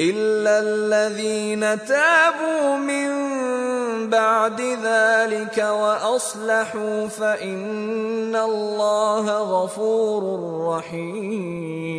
إلا الذين تابوا من بعد ذلك وأصلحوا فإن الله غفور رحيم